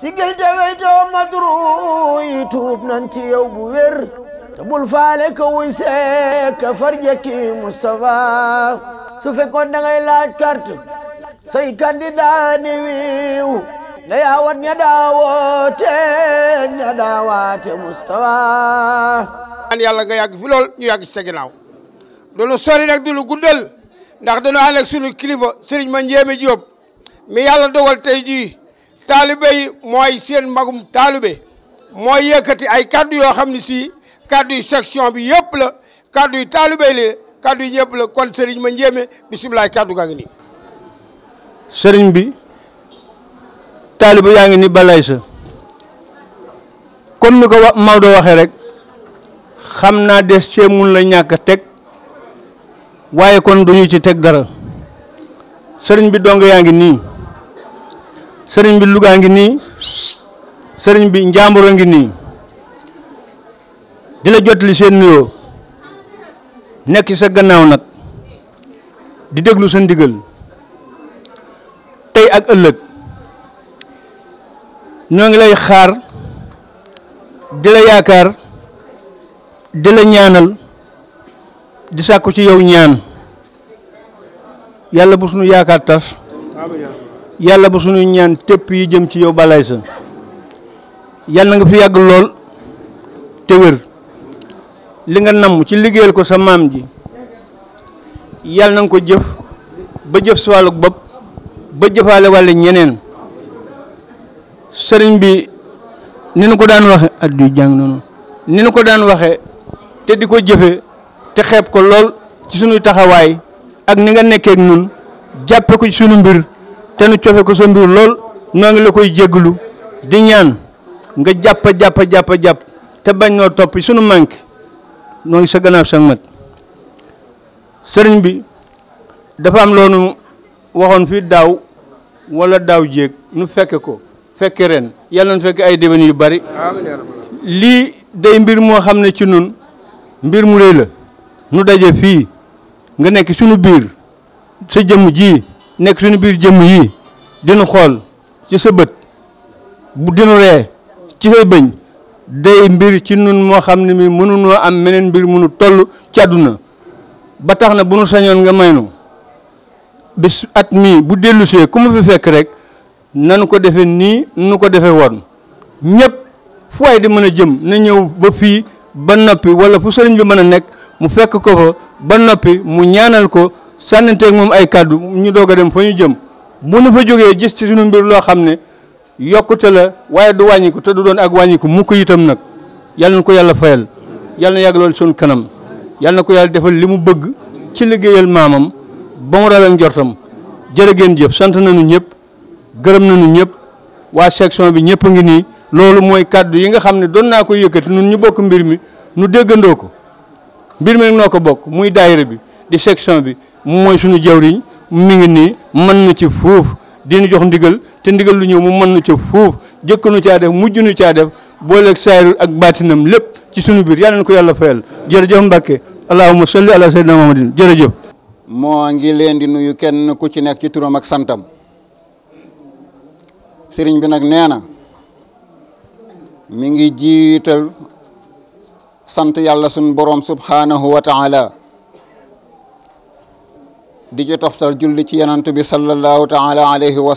sigil te weytoo madru yi tuub nan ci yow bu te bul faale ka wuy seek ka farjekki Moustapha su fekkoon da ngay laaj carte say candidat ni wiiw na yaawat ña daawoote an yàlla nga yàgg fi lool ñu yàgg ci sa ginnaaw dunu sori nag dunu ndax dunu ànd ak sunu kilifa Serigne ma njéeme Diop mi yàlla dogal tey jii talibé moy mooy magum talibé moy yëkëti ay cadeau yo xamni ci cadeau section bi yëpp la cadeau talibé le cadeau kaddu yëpp la kon sëriñ ma ñëmé bismillah cadeau gaangi ni sëriñ bi talibé yaangi ni balay sa comme niko mawdo waxé rek xamna dess ci mun la ñàkk tek waye kon duñu ci tek dara sëriñ bi dong yaangi ni sëriñ bi Louga ngi nii sëriñ bi Njàmbur ngi nii di la jotali seen nuyoo nekk ci sa gannaaw nag di déglu sa ndigal tey ak ëllëg ñoo ngi lay xaar di la yaakaar di la ñaanal di sàkku ci yow ñaan yàlla bu sunu yaakaar tas yàlla ba suñu ñaan tëpp yi jëm ci yow balay sa yàlla nga fi yàgg lool te wér li nga namm ci liggéeyal ko sa maam ji yàlla na nga ko jëf ba jëf si wàllu bopp ba jëfaale wàllu ñeneen sëriñ bi ni nu ko daan waxe ak du jàng noonu ni nu ko daan waxe te di ko jëfe te xeeb ko lool ci sunuy taxawaay ak ni nga nekkee ak ñun jàppe ko ci suñu mbir te nu cofe ko sa nduur lool noo ngi la koy jégglu di ñaan nga jàpp jàpp jàpp jàpp te bañ noo topp suñu manqué noo ngi sa gannaaw sa mat sëriñ bi dafa am loonu waxoon fii daaw wala daaw jég nu fekk ko fekke ren yàlla nu fekke ay déwén yu bari lii day mbir moo xam ne ci nun mbir mu réy la nu daje fii nga nekk suñu biir sa jëmm jii nekk suñu biir jëmm yi dinu xool ci sa bët bu dinu ree ci say bëñ day mbir ci nun moo xam ne mi mënunoo am meneen mbir mënu toll ci àdduna ba tax na bu nu sañoon nga may nu bis at mii bu dellusee ku mu fi fekk rek nanu ko defe nii nu ko defe woon ñépp fu waay di mën a jëm na ñëw ba fii ba noppi wala fu sëriñ bi mën a nekk mu fekk ko fa ba noppi mu ñaanal ko sànnanteeg moom ay kàddu ñu doog a dem fa ñu jëm bu nu fa jógee gis ci suñu mbir loo xam ne yokkute la waaye du wàññiku te du doon ak wàññiku mukk itam nag yalla na ko yàlla fayal yal na yàgg loolu kanam yalla na ko yàlla defal li mu bëgg ci liggéeyal maamam ba mu rawee njortam jërë ngeen jëf sant nañu ñëpp gërëm nañu ñëpp waa section bi ñëpp a ngi nii loolu mooy kàddu yi nga xam ne doon naa ko yëkkati nun ñu bokk mbir mi nu déggandoo ko mbir mi noo ko bokk muy daayira bi di section bi mooy suñu jawriñ mu ngi nii mën na ci fuuf dina jox ndigal te ndigal lu ñëw mu mën na ci fuuf jëkk nu caa def mujj nu caa def booleeg saayir ak baatinam lépp ci suñu biir yàlla na ko yàlla fayal jërëjëf Mbàkke allahumma salli ala sayyidina ngi leen di nuyu kenn ku ci nekk ci turam ak santam sëriñ bi nag nee na mi ngi jiital sant yàlla sunu borom subhanahu wa taala di ci toftal julli ci yenant bi sallallahu taala alayhi wa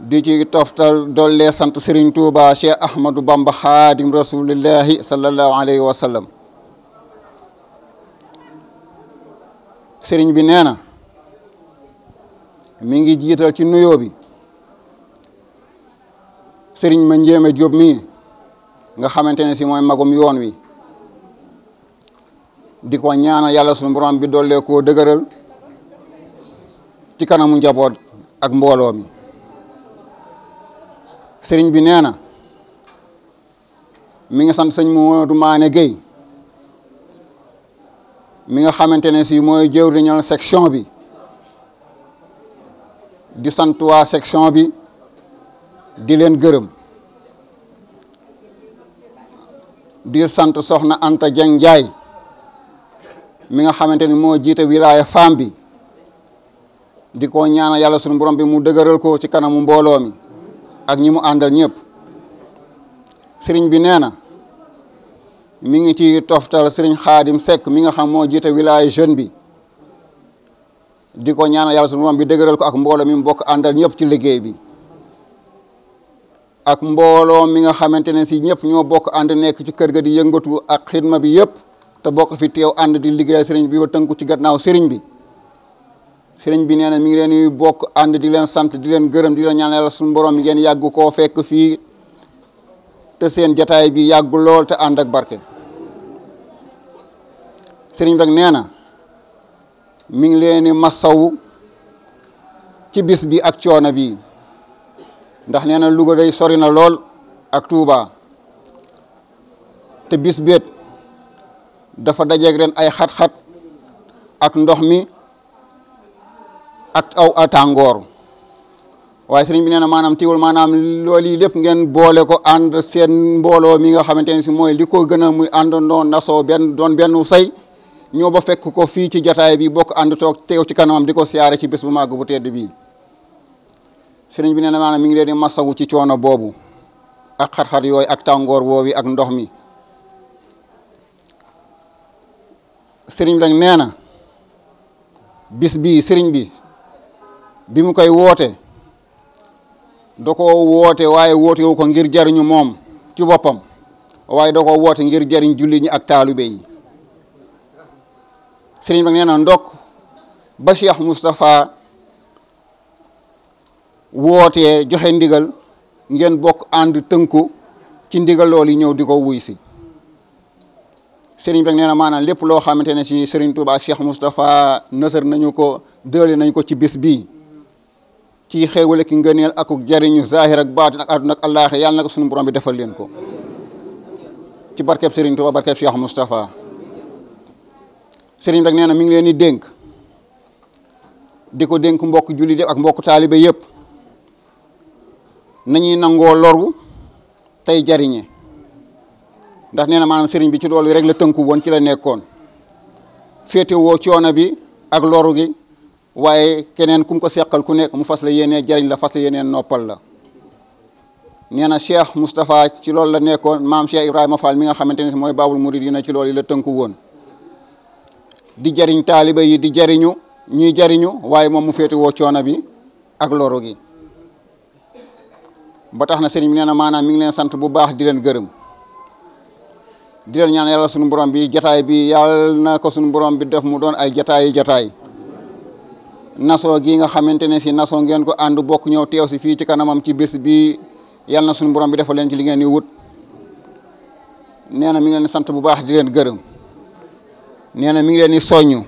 di ci toftal dollee sant Serigne Touba Cheikh Ahmadou Bamba xaadim rasulillahi sallallahu alayhi wa sallam bi nee na mi ngi jiital ci nuyoo bi Serigne ma njéeme Jóob mii nga xamante ne si mooy magum yoon wi di ñaana yalla sunu borom bi dole ko degeural ci kanamu njabot ak mbolo mi sëriñ bi neena mi nga sant sëñ Modou Mané gey mi nga xamantene ne moy mooy jëwriñal section bi di sant wa section bi di len geureum di sant soxna Anta jeng jay mi nga xamanteni mo jité wilaya fam bi di ñaanal yalla suñu borom bi mu dëgëral ko ci kanamu mbolo mi ak ñimu mu ñëpp sëriñ bi nee mi ngi ci toftal sëriñ xaadim Seck mi nga xam mo jité wilaya jeune bi di ñaanal yalla suñu borom bi dëgëral ko ak mbolo mi mu andal ñëpp ci liggéey bi ak mbolo mi nga xamanteni si ñëpp ño bokk and nekk ci kër ga di yëngatu ak xidma bi yëpp te bok fi tew and di liggéeyal sëriñ bi ba teunku ci gannaaw sëriñ bi sëriñ bi neena mi ngi len yu bok and di len sante di len geureum di leen ñaan yalla suñu borom ngeen yagg ko fekk fi te seen jotaay bi yagg lool te and ak barke sëriñ bi nag nee mi ngi len ci bis bi ak ciona bi ndax neena lugu day sori na lool ak Touba te bis beet dafa dajeeg ren ay xat-xat ak ndox mi ak aw atàngoor waaye sëriñ bi nee na maanaam tiwul maanaam loolu yi lépp ngeen boole ko ànd seen mbooloo mi nga xamante ne si mooy li ko gën a muy àndandoo nasoo benn doon benn say ñoo ba fekk ko fii ci jataay bi bokk ànd toog teew ci kanamam di ko siyaare ci bés bu màgg bu teed bii sëriñ bi nee na maanaam mi ngi leen di masawu ci coono boobu ak xat-xat yooyu ak tàngoor woowi ak ndox mi sëriñ bi nag nee na bis bii sëriñ bi bi mu koy woote da koo woote waaye woote wu ko ngir jariñu moom ci boppam waaye da koo woote ngir jariñ julli ñi ak taalu yi sëriñ bi nag nee na ndokk ba Cheikh Moustapha wootee joxe ndigal ngeen bokk ànd tënku ci ndigal loolu yi ñëw di ko wuy si sëriñ bi nee na maanaam lépp loo xamante ne si sëriñ Touba ak Cheikh Moustapha nësër nañu ko dële nañ ko ci bis bii ci xéewal ki ngëneel ak jariñu zahir baat baatin ak àdduna ak àllaaxira yàlla na ko suñu borom bi defal leen ko ci barkeb sëriñ Touba barkeb Cheikh Moustapha sëriñ bi nee na mi ngi leen di dénk di ko dénk mbokk julli yëpp ak mbokk taalibe yëpp nañuy nangoo loru tey jariñe ndax nee na maanaam sëriñ bi ci loolu rek la tënku woon ci la nekkoon féete woo coono bi ak loru gi waaye keneen kum ko seqal ku nekk mu fas la yéenee jariñ la fas la yéenee noppal la nee na Cheikh Moustapha ci loolu la nekkoon maam Cheikh Ibrahima Fall mi nga xamante ne mooy baabul muridina ci lool yi la tënku woon di jariñ taaliba yi di jariñu ñuy jariñu waaye moom mu féete woo coono bi ak loru gi ba tax na sëriñ bi nee na maanaam mi ngi leen sant bu baax di leen gërëm di leen ñaan yalla suñu borom bi jotaay bi yalla na ko suñu borom bi def mu doon ay jotaay jotaay naso gi nga xamantene ci naso ngeen ko andu bokk ñëw tew ci fi ci kanamam ci bés bi yalla na suñu borom bi defal leen ci li ngeen ni wut neena mi ngi leen sant bu baax di leen gëreum neena mi ngi leen ni soñu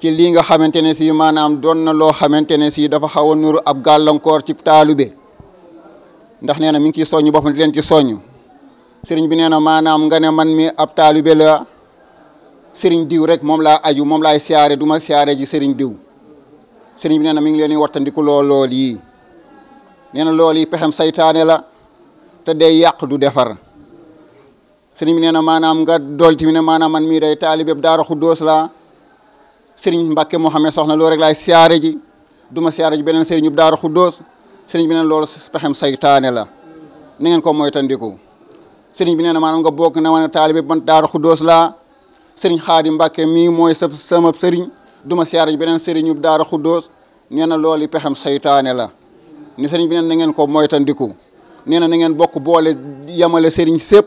ci li nga xamantene ci manam doon na lo xamantene ci dafa nuru ab galankor ci talube ndax neena mi ngi ciy soññu di leen ci soñu sëriñ bi nee na maanaam nga ne man mi ab taalibe la sëriñ diw rek moom laa aju moom laay siyaare du ma siyaare ji sëriñ diw sëriñ bi nee na mi ngi leen di wattandiku lool lool yi nee na lool yi pexem saytaane la te day yàq du defar sëriñ bi nee na maanaam nga dolti mi ne maanaam man mii day taalibe daara doos la sëriñ Mbàkke Mohamed soxna loolu rek laay siyaare ji du ma siyaare beneen sëriñub daara xuddoos sëriñ bi nee lool loolu pexem saytaane la na ngeen ko moytandiku sëriñ bi nee ma maanaam nga bokk na ma ne taalibe ban Daaru Xuddoos la sëriñ Xaadi Mbàkke mii mooy sa sama sëriñ du ma siyaar beneen sëriñu Daaru Xuddoos nee na loolu pexem seytaane la ne sëriñ bi nee na ngeen ko moytandiku nee na na ngeen bokk boole yamale sëriñ sëpp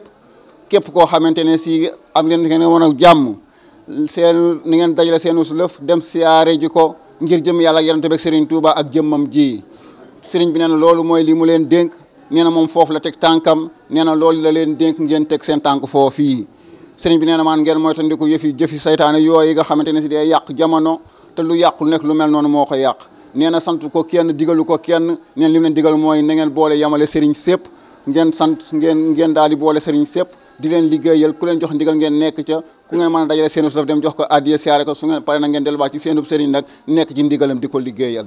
képp koo xamante ne si am leen ngeen mën a jàmm seen ni ngeen dajale seenu su lëf dem siyaare ji ko ngir jëm yàlla ak yonent bi sëriñ Tuuba ak jëmmam jii sëriñ bi nee na loolu mooy li mu leen dénk nee na moom foof la teg tànkam nee na loolu la leen dénk ngeen teg seen tànk foofii sëriñ bi nee na maan ngeen moytandiku yëfi jëfi saytaane yooyu nga xamante ne si day yàq jamono te lu yàqul nekk lu mel noonu moo ko yàq nee na sant ko kenn digalu ko kenn neen li mu leen digal mooy na ngeen boole yamale sëriñ sépp ngeen sant ngeen ngeen daal di boole sëriñ sépp di leen liggéeyal ku leen jox ndigal ngeen nekk a dajale seen daf dem jox ko addiya siyaare ko su ngeen pare na nekk ci ko liggéeyal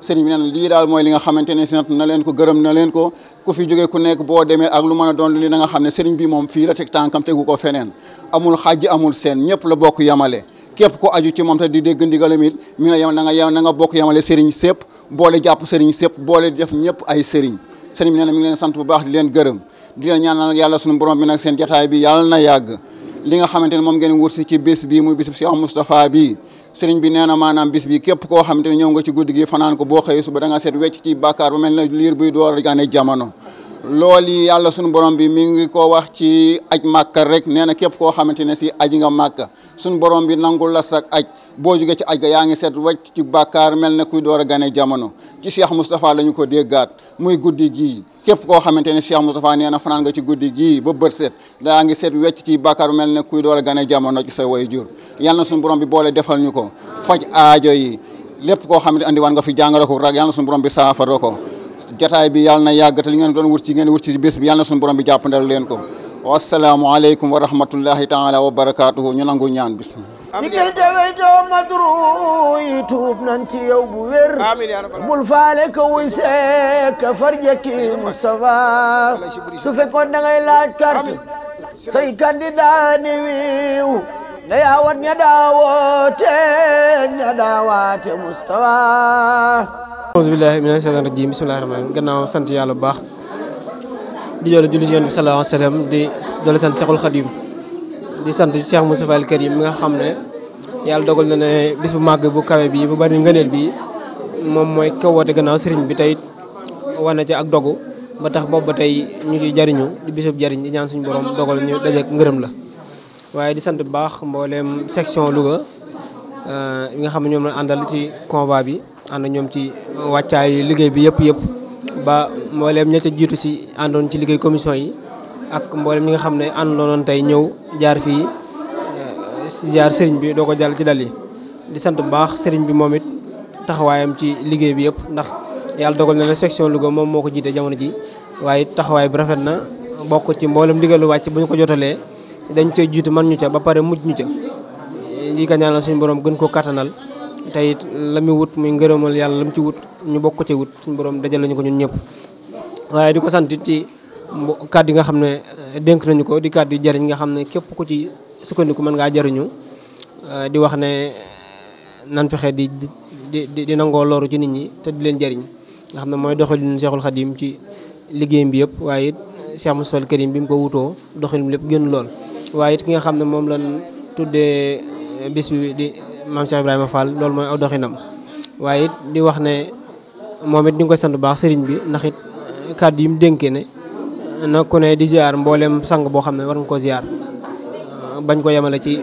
sëriñ bi nee na lii daal mooy li nga xamante ne sant na leen ko gërëm na leen ko ku fi jógee ku nekk boo demee ak lu mën a doon li na nga xam ne sëriñ bi moom fii la teg tànkam tegu ko feneen amul xàjj amul seen ñëpp la bokk yamale képp ko aju ci moom te di dégg ndigalam it mi na nga yow na nga bokk yamale sëriñ sëpp boole jàpp sëriñ sëpp boole def ñëpp ay sëriñ sëriñ bi nee na mi ngi sant bu baax di leen gërëm di leen ñaanal yàlla sunu borom bi nag seen jataay bi yàlla na yàgg li nga xamante ne moom ngeen wursi ci bés bi muy bisub Cheikh bii sëriñ bi nee na maanaam bis bi képp koo xam ne ñëw nga ci guddi gi fanaan ko boo xëyee suba da nga wecc ci bàkkaar ba mel na liir buy door a gane jamono lool loolu yàlla sunu borom bi mi ngi ko wax ci aj màkka rek nee na képp koo xamante ne si aj nga màkka sunu borom bi nangul la sak aj boo jóge ci aj ga yaa ngi seet wecc ci bàkkaar mel na kuy door a gane jamono ci Cheikh Moustapha la ñu ko déggaat muy guddi gii képp koo xamante ne Cheikh Moustapha nee na fanaan nga ci guddi gii ba bët set daa ngi set wecc ci bàkkaar mel ne kuy doole gane jamono ci sa way jur yal na suñu borom boole defal ñu ko faj aajo yi lépp koo xamante andi waan nga fi jàngoro ko rag yal na suñu borom bi saafara ko jataay bi yal na yàgg te li ngeen doon wut ci ngeen wut ci bés bi yal na suñu borom bi jàppandal leen ko wasalaamualeykum wa rahmatullahi taala wa barakaatuhu ñu nangu ñaan bismillah sigil te weytoo madru yi tuub nan ci bu wér bul faale ka wuy seek farjëkki Moustapha su fekkoon da ngay laaj carte say candidat ni na yaawat ña daawoote ña daawaate Moustapha auzu billahi mina shaytan rajim bismillahi rahmani gannaaw sant yàlla bu baax di joolu julli ci yonent bi sallallahu alayhi wa sallam di doole sant Seexul Xadim di sant Cheikh Moustapha al yi mi nga xam ne yàlla dogal na ne bis bu màgg bu kawe bi bu bari ngëneel bi moom mooy ko woote gannaaw sëriñ bi tey wane ci ak dogu ba tax boobu ba tey ñu ci jariñu di bisub jariñ di ñaan suñu borom dogal ñu dajeek ngërëm la waaye di sant bu baax mbooleem section Louga euh, yi nga xam ne ñoom la àndal ci convoi bi ànd ñoom ci wàccaay liggéey bi yëpp yëpp ba mbooleem ña jiitu ci àndoon ci liggéey commission yi ak mboolem ñi nga xam ne àndoonoon tay ñew jaar ci jaar serigne bi doko ko ci dal yi di sant bu baax serigne bi momit taxawayam ci liggey bi yep ndax yalla dogal na section lugo mom moko ko jamono ji waye taxaway bi rafet na bokk ci mboolem liggelu wacc buñ ko jotale dañ cee jitu man ñu ca ba pare mujj ñu ca ñi ka ñaanal suñu borom gën ko katanal tay it la wut muy ngeeromal yalla lam ci wut ñu bokku ci wut suñu borom dajal lañu ko ñun ñep waye di ko sant ci kàddu yi nga xam ne eh, dénk nañu ko di kàddu yu jëriñ nga xam ne képp ko ci sukkandiku mën ngaa jëriñu eh, di wax ne eh, nan fexe di di di nangoo loolu ci nit ñi te di leen jariñ nga xam ne mooy doxalin Seexul ci liggéeyam bi yëpp waaye it Cheikh Moustapha Karim bi mu ko wutoo doxalin lépp gën lool. waaye it ki nga xam ne moom lañ tuddee bis bi di maam Cheikh Ibrahima Fall loolu mooy aw doxinam waaye it di wax ne moom it ñu koy sant baax sëriñ bi ndaxit it kàddu yi mu ne. na ku ne di ziar mboolem sang boo xam ne war nga koo ziar euh, bañ ko yemale ci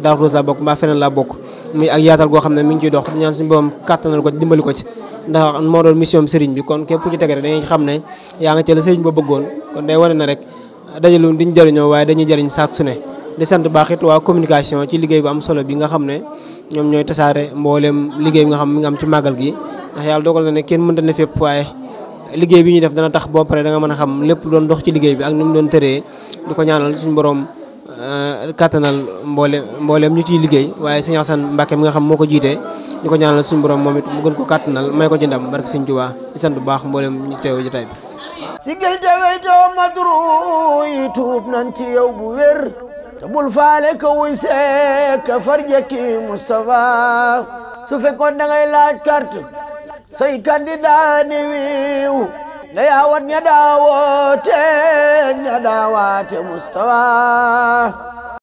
Darou laa bokk mbaa feneen laa bokk muy ak yaatal goo xam ne mu ngi ciy dox ñaan suñu borom kàttanal ko dimbali ko ci ndax moo doon mission sëriñ bi kon képp ku ci dañuy xam ne yaa nga ci la sëriñ ba bëggoon kon day wane na rek dajalu diñ jëriñoo waaye dañuy jëriñ saak su ne di sant baax it waa communication ci liggéey bu am solo bi nga xam ne ñoom ñooy tasaare mboolem liggéey bi nga xam mi am ci màggal gi liggéey bi ñu def dana tax bo paré da nga mëna a xam lépp doon dox ci liggéey bi ak ni doon téré diko ñaanal suñu borom euh, katanal mbolé mbolém ñu ci liggéey waye sëñ Assane Mbacké mi nga xam moko jité diko ñaanal suñu borom momit mu gën ko katanal may ko ci ndam barké sëñ Tuubaa di sant bu baax mbolém ñu ci tay bi sigil jawé do madru yi nan ci yow bu wër te bul faale ka wuy sé ka farjaki mustafa su fekkon da ngay laaj carte sey candidat ni wiiw ne yaa wat ña Mustafa